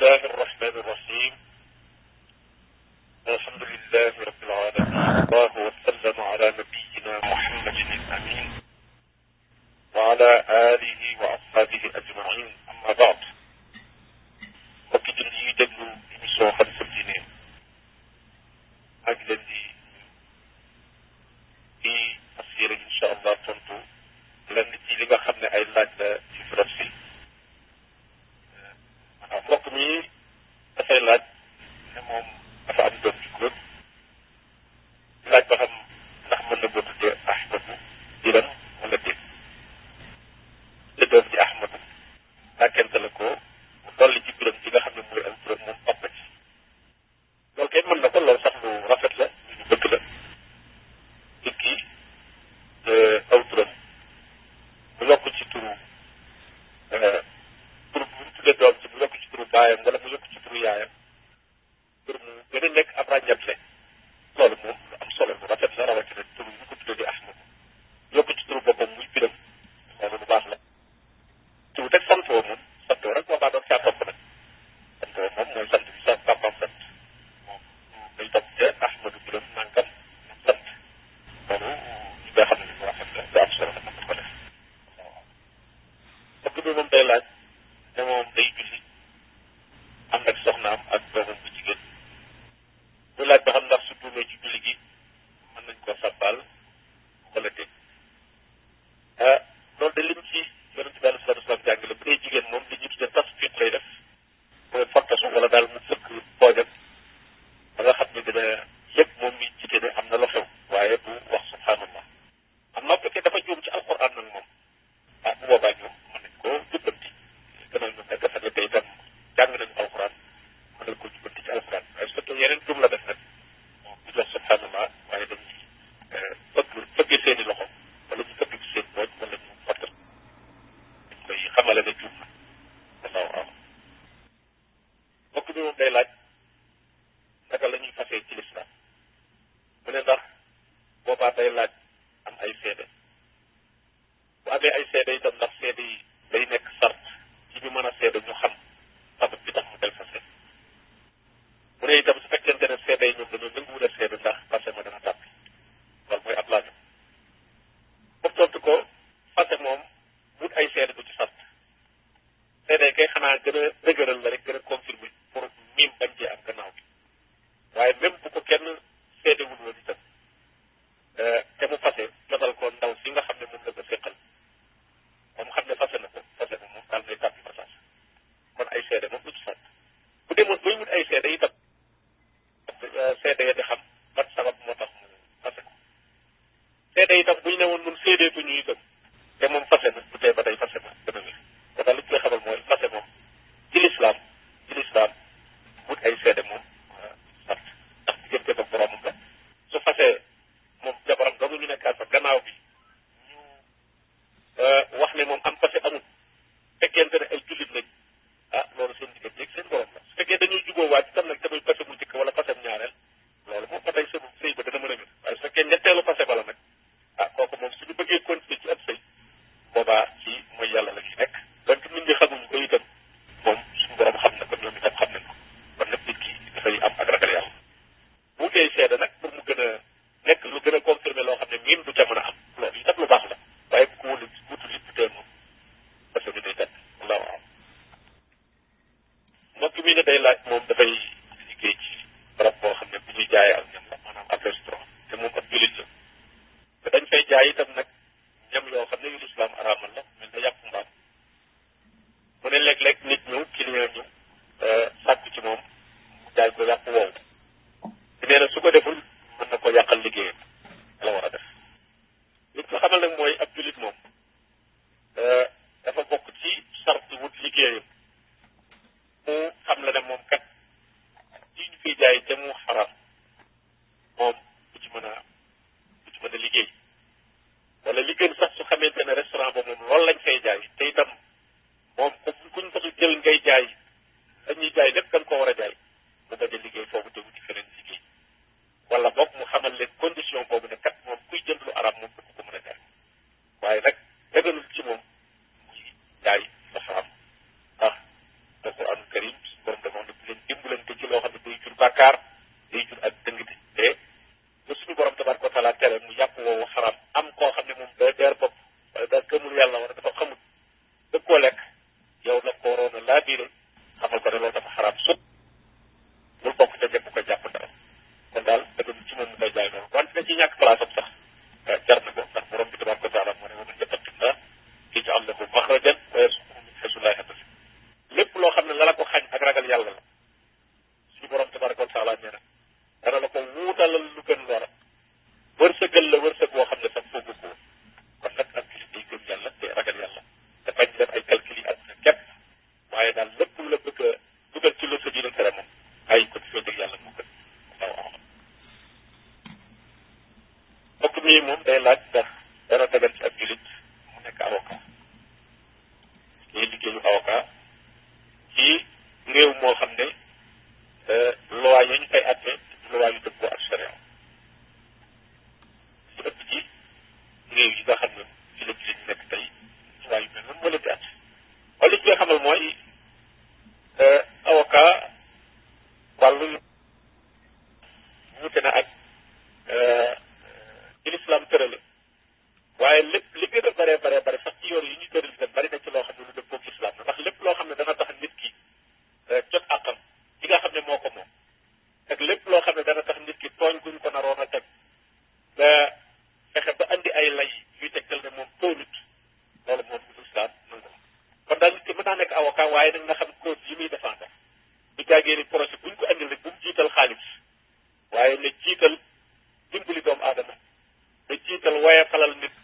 الله الرحمن الرحيم الحمد لله رب العالمين الله وسلم على نبينا محمد الأمين وعلى آله وأصحابه أجمعين أما بعد mbokki jënd yi déglu émission xalifa diine ak leen di di as yéene incha allah tontu lenn ci li nga xam ne ay laaj la baayam dootuñu ba yàpp wow nee na su ko deful mën na ko yàqal liggéeyam la war a def li nga xamal nag mooy ab jullit moom euh, dafa bokk ci sart wut liggéeyam mu xam la ne moom kat ci ñu fiy jaay te mu xaram moom du ci mën a du ci mën a liggéey wala li sax su xamante ne restaurant ba moom loolu lañ fay jaay te itam moom ku kuñ ko jël ngay jaay dañuy jaay lépp da nga ko war a jaay mu bañ a liggéey foofu te wuti liggéey wala boog mu xamal leen condition boobu ne kat moom kuy jënd lu araam moom du ko mën a def waaye nag dëggalul ci moom muy jaay lu xaraam ndax alxuraanu karim suñu borom dafa wax ne bu leen dimbalante ci loo xam ne day jur bàkkaar day jur ak dëngte te ba suñu borom tabaaraka wa taala tere mu yàpp woowu xaraam am koo xam ne moom day beer bopp wala daa gëmul yàlla war moo xam ne woyefalal nit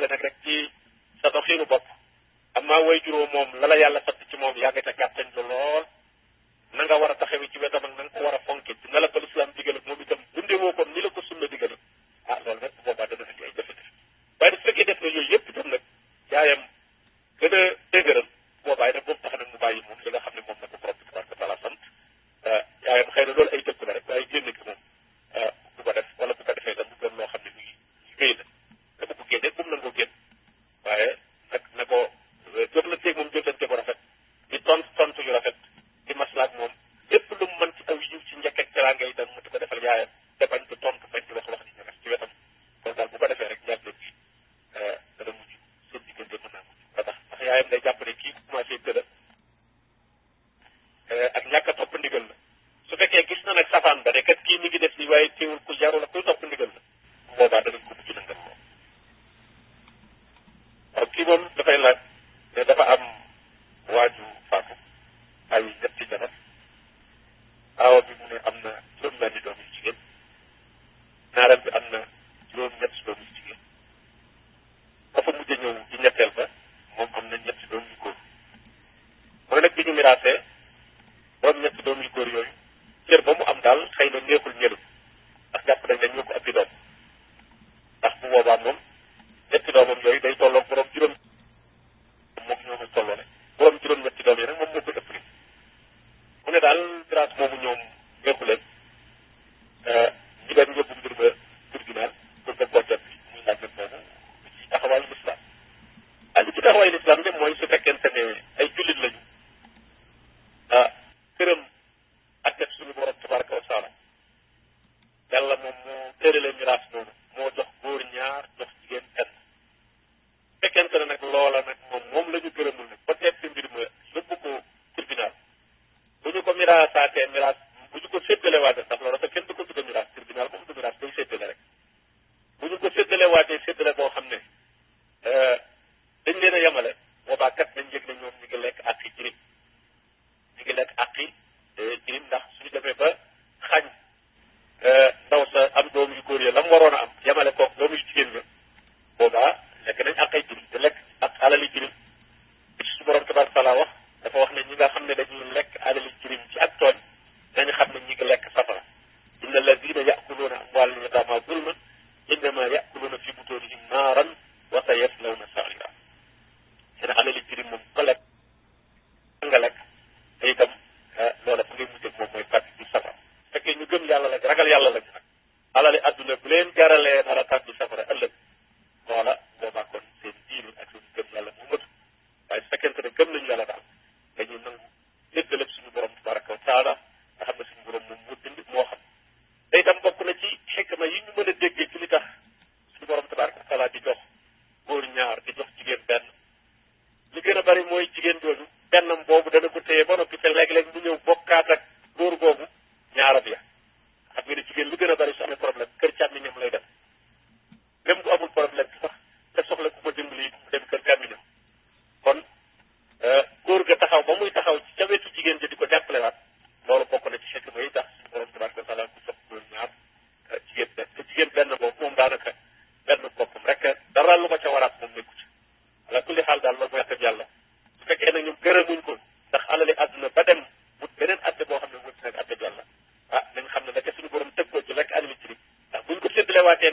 jàppale nag rek ci sa doxiinu bopp amaa woy juróom moom la la yàlla miraasee doom ñett doom yu góor yooyu cër ba mu am daal xëy na neexul ñëlu ndax jàpp nañ ne ñoo ko ëppi doom ndax bu boobaa moom ñetti doomam yooyu day tolloog borom juróom moom ñoo ko tolloone borom juróom ñetti doom yi nag moom moo ko ëpp li mu ne daal miraas moomu ñoom neexu leen euh, ñu dem yóbbu mbir ba tribunal pour nga koo jot muy laaj nag moomu ci taxawaayu lislaam li ci taxawaayu lislaam de mooy su fekkente ne séddalewaatee sax loolu sax kenn du ko tudde miraas tribunal moom du miraas day séddale rek bu ñu ko séddalewaatee séddale boo xam ne euh, dañ leen a yemale boobaa kat dañ yëg ne ñoom ñu ngi lekk àq yi jirim ñu ngi lekk àq yi euh, jirim ndax suñu demee ba xañ euh, ndaw sa am doom yu góor ya la mu waroon a am yemale koog doom yu jigéen ña boobaa lekk nañ àq ay jirim lekk ak alali jirim su borom tabaaraka taala wax dafa wax ne ñi nga xam ne dañuy lekk alali jirim ci ak tooñ dañu xam ne ñu ngi lekk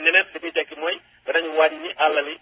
neneen li muy mooy danañu wàññi àllali